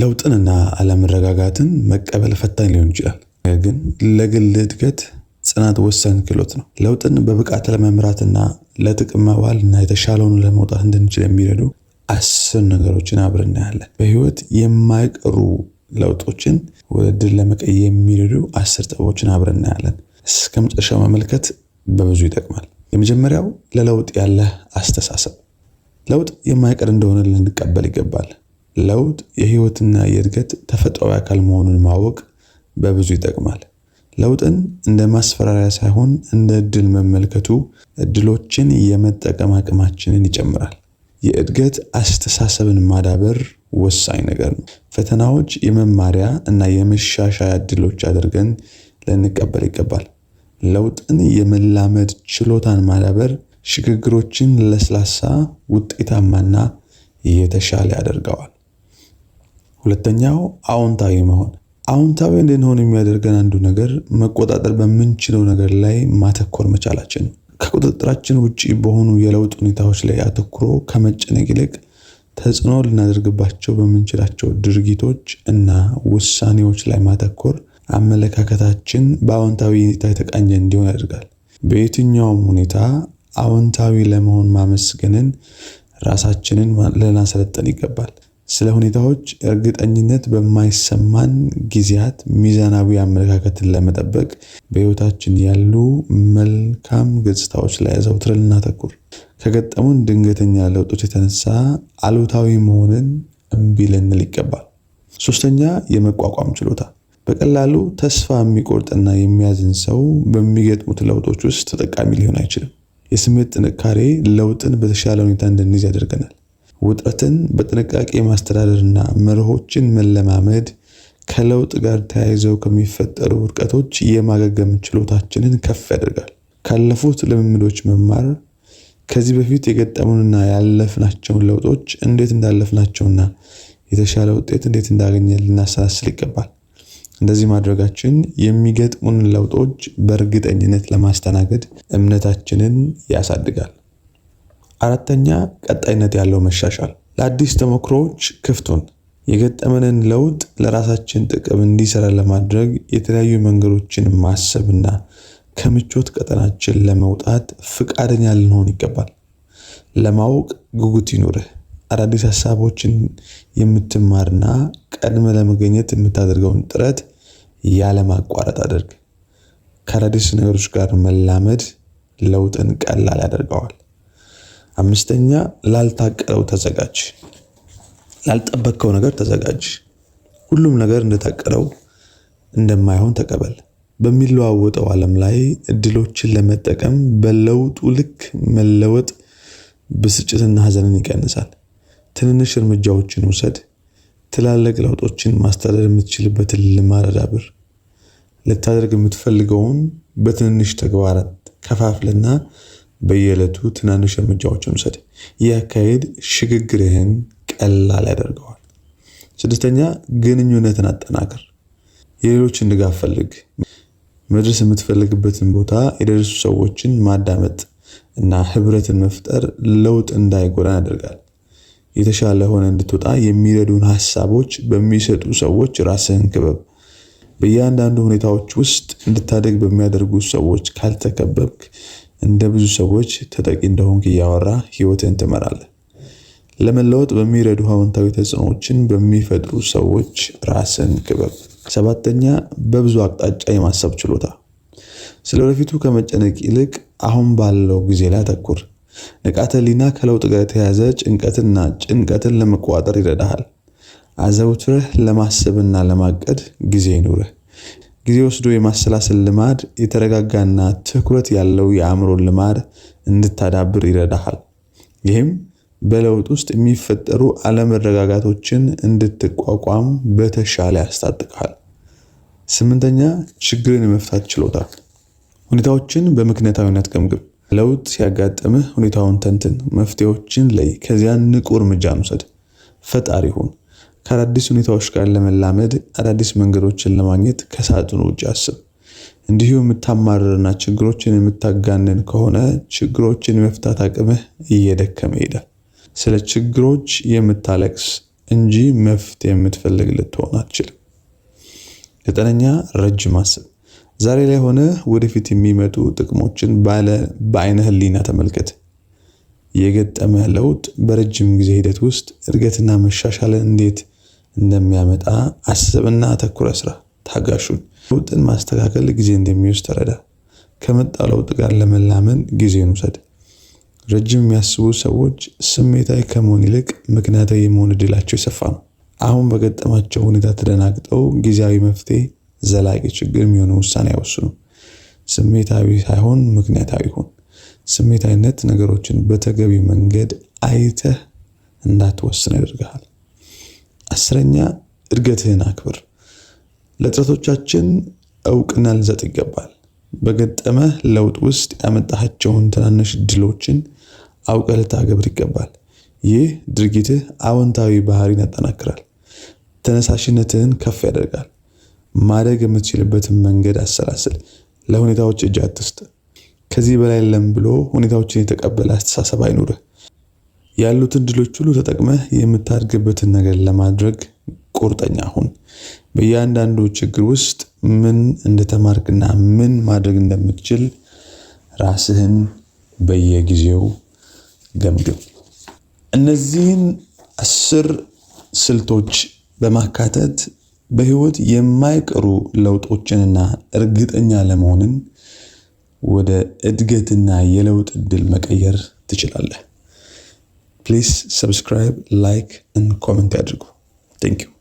ለውጥንና አለመረጋጋትን መቀበል ፈታኝ ሊሆን ይችላል፣ ግን ለግል እድገት ጽናት ወሳኝ ክህሎት ነው። ለውጥን በብቃት ለመምራትና ለጥቅም መዋልና የተሻለውን ለመውጣት እንድንችል የሚረዱ አስር ነገሮችን አብረን እናያለን። በህይወት የማይቀሩ ለውጦችን ወደ ድል ለመቀየር የሚረዱ አስር ጥበቦችን አብረን እናያለን። እስከ መጨረሻው መመልከት በብዙ ይጠቅማል። የመጀመሪያው ለለውጥ ያለህ አስተሳሰብ። ለውጥ የማይቀር እንደሆነ ልንቀበል ይገባል። ለውጥ የህይወትና የእድገት ተፈጥሯዊ አካል መሆኑን ማወቅ በብዙ ይጠቅማል። ለውጥን እንደ ማስፈራሪያ ሳይሆን እንደ እድል መመልከቱ እድሎችን የመጠቀም አቅማችንን ይጨምራል። የእድገት አስተሳሰብን ማዳበር ወሳኝ ነገር ነው። ፈተናዎች የመማሪያ እና የመሻሻያ እድሎች አድርገን ልንቀበል ይገባል። ለውጥን የመላመድ ችሎታን ማዳበር ሽግግሮችን ለስላሳ፣ ውጤታማና የተሻለ ያደርገዋል። ሁለተኛው አዎንታዊ መሆን። አዎንታዊ እንድንሆን የሚያደርገን አንዱ ነገር መቆጣጠር በምንችለው ነገር ላይ ማተኮር መቻላችን ከቁጥጥራችን ውጭ በሆኑ የለውጥ ሁኔታዎች ላይ አተኩሮ ከመጨነቅ ይልቅ ተጽዕኖ ልናደርግባቸው በምንችላቸው ድርጊቶች እና ውሳኔዎች ላይ ማተኮር አመለካከታችን በአዎንታዊ ሁኔታ የተቃኘ እንዲሆን ያደርጋል። በየትኛውም ሁኔታ አዎንታዊ ለመሆን ማመስገንን ራሳችንን ልናሰለጠን ይገባል። ስለ ሁኔታዎች እርግጠኝነት በማይሰማን ጊዜያት ሚዛናዊ አመለካከትን ለመጠበቅ በሕይወታችን ያሉ መልካም ገጽታዎች ላይ አዘውትረን እናተኩር። ከገጠሙን ድንገተኛ ለውጦች የተነሳ አሉታዊ መሆንን እምቢ ልንል ይገባል። ሶስተኛ የመቋቋም ችሎታ። በቀላሉ ተስፋ የሚቆርጥና የሚያዝን ሰው በሚገጥሙት ለውጦች ውስጥ ተጠቃሚ ሊሆን አይችልም። የስሜት ጥንካሬ ለውጥን በተሻለ ሁኔታ እንድንይዝ ያደርገናል። ውጥረትን በጥንቃቄ ማስተዳደርና መርሆችን መለማመድ ከለውጥ ጋር ተያይዘው ከሚፈጠሩ ውድቀቶች የማገገም ችሎታችንን ከፍ ያደርጋል። ካለፉት ልምምዶች መማር ከዚህ በፊት የገጠሙንና ያለፍናቸውን ለውጦች እንዴት እንዳለፍናቸውና የተሻለ ውጤት እንዴት እንዳገኘ ልናሰላስል ይገባል። እንደዚህ ማድረጋችን የሚገጥሙን ለውጦች በእርግጠኝነት ለማስተናገድ እምነታችንን ያሳድጋል። አራተኛ ቀጣይነት ያለው መሻሻል ለአዲስ ተሞክሮዎች ክፍቱን የገጠመንን ለውጥ ለራሳችን ጥቅም እንዲሰራ ለማድረግ የተለያዩ መንገዶችን ማሰብና ከምቾት ቀጠናችን ለመውጣት ፍቃደኛ ልንሆን ይገባል። ለማወቅ ጉጉት ይኑርህ። አዳዲስ ሀሳቦችን የምትማርና ቀድመ ለመገኘት የምታደርገውን ጥረት ያለማቋረጥ አድርግ። ከአዳዲስ ነገሮች ጋር መላመድ ለውጥን ቀላል ያደርገዋል። አምስተኛ ላልታቀረው ተዘጋጅ፣ ላልጠበቅከው ነገር ተዘጋጅ። ሁሉም ነገር እንደታቀረው እንደማይሆን ተቀበል። በሚለዋወጠው ዓለም ላይ እድሎችን ለመጠቀም በለውጡ ልክ መለወጥ ብስጭትና ሐዘንን ይቀንሳል። ትንንሽ እርምጃዎችን ውሰድ። ትላልቅ ለውጦችን ማስተዳደር የምትችልበትን ልማድ አዳብር። ልታደርግ የምትፈልገውን በትንንሽ ተግባራት ከፋፍልና በየዕለቱ ትናንሽ እርምጃዎችን ውሰድ። ይህ አካሄድ ሽግግርህን ቀላል ያደርገዋል። ስድስተኛ ግንኙነትን አጠናክር። የሌሎችን ድጋፍ ፈልግ። መድረስ የምትፈልግበትን ቦታ የደረሱ ሰዎችን ማዳመጥ እና ህብረትን መፍጠር ለውጥ እንዳይጎዳን ያደርጋል። የተሻለ ሆነ እንድትወጣ የሚረዱን ሀሳቦች በሚሰጡ ሰዎች ራስህን ክበብ። በእያንዳንዱ ሁኔታዎች ውስጥ እንድታደግ በሚያደርጉ ሰዎች ካልተከበብክ እንደ ብዙ ሰዎች ተጠቂ እንደሆንክ እያወራ ህይወትን ትመራለህ። ለመለወጥ በሚረዱ አዎንታዊ ተጽዕኖዎችን በሚፈጥሩ ሰዎች ራስን ክበብ። ሰባተኛ በብዙ አቅጣጫ የማሰብ ችሎታ። ስለወደፊቱ ከመጨነቅ ይልቅ አሁን ባለው ጊዜ ላይ አተኩር። ንቃተ ህሊና ከለውጥ ጋር የተያያዘ ጭንቀትና ጭንቀትን ለመቆጣጠር ይረዳሃል። አዘውትረህ ለማሰብና ለማቀድ ጊዜ ይኑርህ። ጊዜ ወስዶ የማሰላሰል ልማድ የተረጋጋና ትኩረት ያለው የአእምሮን ልማድ እንድታዳብር ይረዳሃል። ይህም በለውጥ ውስጥ የሚፈጠሩ አለመረጋጋቶችን እንድትቋቋም በተሻለ ያስታጥቃል። ስምንተኛ ችግርን የመፍታት ችሎታ። ሁኔታዎችን በምክንያታዊነት ገምግም። ለውጥ ሲያጋጥምህ ሁኔታውን ተንትን፣ መፍትሄዎችን ለይ፣ ከዚያ ንቁ እርምጃን ውሰድ። ፈጣሪ ሁን። ከአዳዲስ ሁኔታዎች ጋር ለመላመድ አዳዲስ መንገዶችን ለማግኘት ከሳጥኑ ውጭ አስብ። እንዲሁ የምታማርርና ችግሮችን የምታጋንን ከሆነ ችግሮችን የመፍታት አቅምህ እየደከመ ይሄዳል። ስለ ችግሮች የምታለቅስ እንጂ መፍትሄ የምትፈልግ ልትሆን አትችልም። ዘጠነኛ ረጅም አስብ። ዛሬ ላይ ሆነ ወደፊት የሚመጡ ጥቅሞችን በአይነ ህሊና ተመልከት። የገጠመ ለውጥ በረጅም ጊዜ ሂደት ውስጥ እድገትና መሻሻልን እንዴት እንደሚያመጣ አስብና አተኩረ ስራ። ታጋሹን ለውጥን ማስተካከል ጊዜ እንደሚወስድ ተረዳ። ከመጣ ለውጥ ጋር ለመላመን ጊዜን ውሰድ። ረጅም የሚያስቡ ሰዎች ስሜታዊ ከመሆን ይልቅ ምክንያታዊ የመሆን እድላቸው የሰፋ ነው። አሁን በገጠማቸው ሁኔታ ተደናግጠው ጊዜያዊ መፍትሄ ዘላቂ ችግር የሚሆነ ውሳኔ አይወስኑ። ስሜታዊ ሳይሆን ምክንያታዊ ሁን። ስሜታዊነት ነገሮችን በተገቢ መንገድ አይተህ እንዳትወስን ያደርግሃል። አስረኛ እድገትህን አክብር። ለጥረቶቻችን እውቅና ልሰጥ ይገባል። በገጠመህ ለውጥ ውስጥ ያመጣሃቸውን ትናንሽ ድሎችን አውቀ ልታገብር ይገባል። ይህ ድርጊትህ አዎንታዊ ባህሪን ያጠናክራል፣ ተነሳሽነትህን ከፍ ያደርጋል። ማደግ የምትችልበትን መንገድ አሰላስል፣ ለሁኔታዎች እጅ አትስጥ። ከዚህ በላይ ለም ብሎ ሁኔታዎችን የተቀበለ አስተሳሰብ አይኑርህ። ያሉትን ድሎች ሁሉ ተጠቅመህ የምታድግበትን ነገር ለማድረግ ቁርጠኛ ሁን። በእያንዳንዱ ችግር ውስጥ ምን እንደተማርክና ምን ማድረግ እንደምትችል ራስህን በየጊዜው ገምግም። እነዚህን አስር ስልቶች በማካተት በህይወት የማይቀሩ ለውጦችንና እርግጠኛ ለመሆንን ወደ እድገትና የለውጥ እድል መቀየር ትችላለህ። please subscribe, like, and comment. Thank you.